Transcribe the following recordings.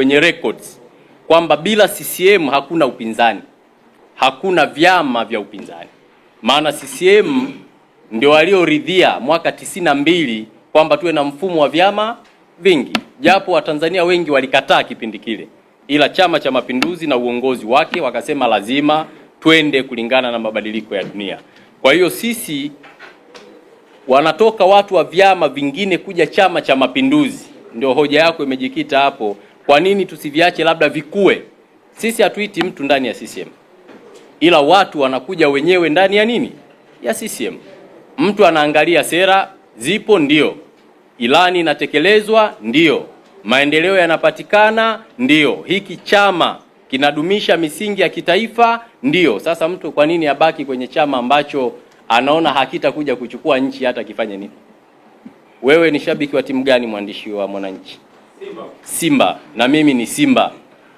kwenye records kwamba bila CCM hakuna upinzani, hakuna vyama vya upinzani, maana CCM ndio walioridhia mwaka tisini na mbili kwamba tuwe na mfumo wa vyama vingi, japo Watanzania wengi walikataa kipindi kile, ila Chama cha Mapinduzi na uongozi wake wakasema lazima twende kulingana na mabadiliko ya dunia. Kwa hiyo sisi wanatoka watu wa vyama vingine kuja Chama cha Mapinduzi, ndio hoja yako imejikita hapo. Kwa nini tusiviache labda vikue? Sisi hatuiti mtu ndani ya CCM, ila watu wanakuja wenyewe ndani ya nini, ya CCM. Mtu anaangalia sera zipo, ndio. Ilani inatekelezwa, ndio. Maendeleo yanapatikana, ndio. Hiki chama kinadumisha misingi ya kitaifa, ndio. Sasa mtu kwa nini abaki kwenye chama ambacho anaona hakitakuja kuchukua nchi hata kifanye nini? Wewe ni shabiki wa timu gani, mwandishi wa Mwananchi? Simba. Simba na mimi ni Simba.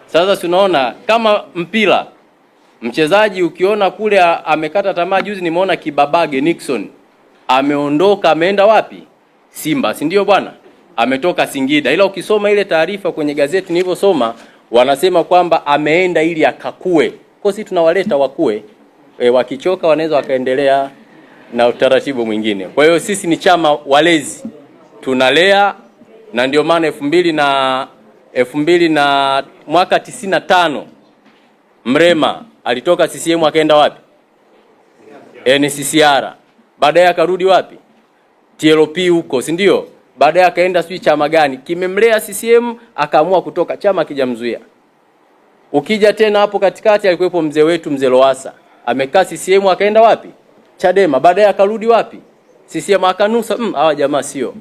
Sasa tunaona kama mpira mchezaji ukiona kule amekata tamaa. Juzi nimeona Kibabage Nixon ameondoka, ameenda wapi? Simba, si ndio bwana? Ametoka Singida, ila ukisoma ile taarifa kwenye gazeti nilivyosoma, wanasema kwamba ameenda ili akakue. Kwa sisi tunawaleta wakue e, wakichoka wanaweza wakaendelea na utaratibu mwingine. Kwa hiyo sisi ni chama walezi, tunalea na ndio maana elfu mbili na elfu mbili na mwaka tisini na tano Mrema alitoka CCM akaenda wapi? Eh, NCCR. Baadaye akarudi wapi? TLP huko, si ndio? Baadaye akaenda sijui chama gani kimemlea CCM, akaamua kutoka chama kijamzuia. Ukija tena hapo katikati alikuwepo mzee wetu mzee Lowassa amekaa CCM, akaenda wapi? Chadema. Baadaye akarudi wapi? CCM akanusa, mm, hawa jamaa sio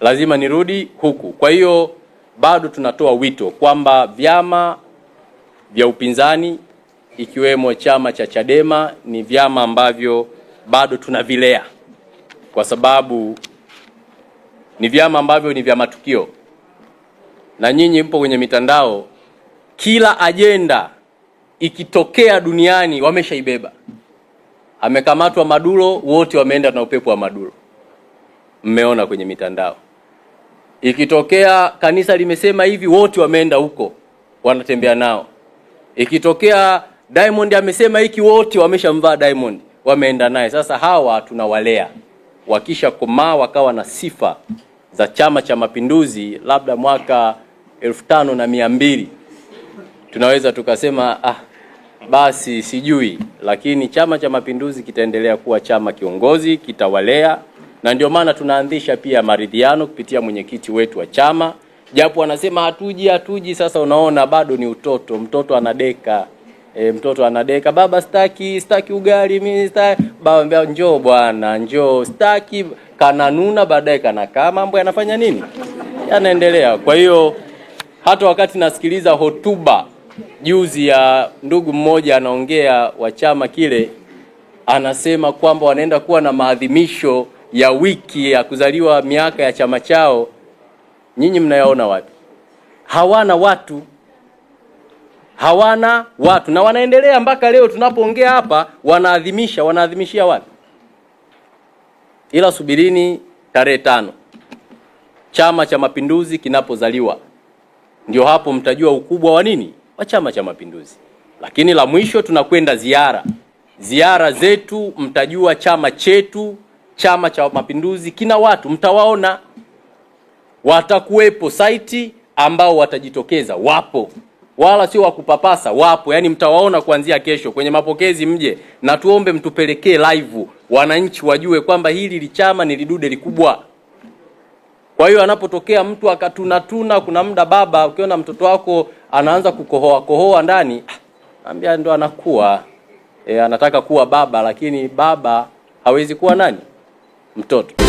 lazima nirudi huku. Kwa hiyo bado tunatoa wito kwamba vyama vya upinzani ikiwemo chama cha Chadema ni vyama ambavyo bado tunavilea kwa sababu ni vyama ambavyo ni vya matukio, na nyinyi mpo kwenye mitandao, kila ajenda ikitokea duniani wameshaibeba. Amekamatwa Maduro, wote wameenda na upepo wa Maduro, mmeona kwenye mitandao. Ikitokea kanisa limesema hivi, wote wameenda huko, wanatembea nao. Ikitokea Diamond amesema hiki, wote wameshamvaa Diamond, wameenda naye. Sasa hawa tunawalea, wakisha komaa wakawa na sifa za Chama cha Mapinduzi, labda mwaka elfu tano na mia mbili tunaweza tukasema ah, basi sijui, lakini Chama cha Mapinduzi kitaendelea kuwa chama kiongozi, kitawalea na ndio maana tunaanzisha pia maridhiano kupitia mwenyekiti wetu wa chama, japo wanasema hatuji hatuji. Sasa unaona bado ni utoto, mtoto anadeka E, mtoto anadeka, baba, staki staki ugali mimi staki. Baba njoo bwana, njoo staki. Kananuna, baadaye kanakaa, mambo yanafanya nini, yanaendelea. Kwa hiyo hata wakati nasikiliza hotuba juzi ya ndugu mmoja anaongea wa chama kile, anasema kwamba wanaenda kuwa na maadhimisho ya wiki ya kuzaliwa miaka ya chama chao, nyinyi mnayaona wapi? Hawana watu, hawana watu, na wanaendelea mpaka leo tunapoongea hapa, wanaadhimisha. Wanaadhimishia wapi? Ila subirini tarehe tano, Chama cha Mapinduzi kinapozaliwa, ndio hapo mtajua ukubwa wa nini wa Chama cha Mapinduzi. Lakini la mwisho tunakwenda ziara, ziara zetu, mtajua chama chetu Chama cha Mapinduzi kina watu, mtawaona watakuwepo saiti, ambao watajitokeza wapo, wala sio wakupapasa, wapo. Yani mtawaona kuanzia kesho kwenye mapokezi, mje na tuombe mtupelekee live, wananchi wajue kwamba hili lichama ni lidude likubwa. Kwa hiyo anapotokea mtu akatunatuna, kuna muda baba, ukiona mtoto wako anaanza kukohoa kohoa ndani, ambia ndo anakuwa e, anataka kuwa baba, lakini baba hawezi kuwa nani mtoto.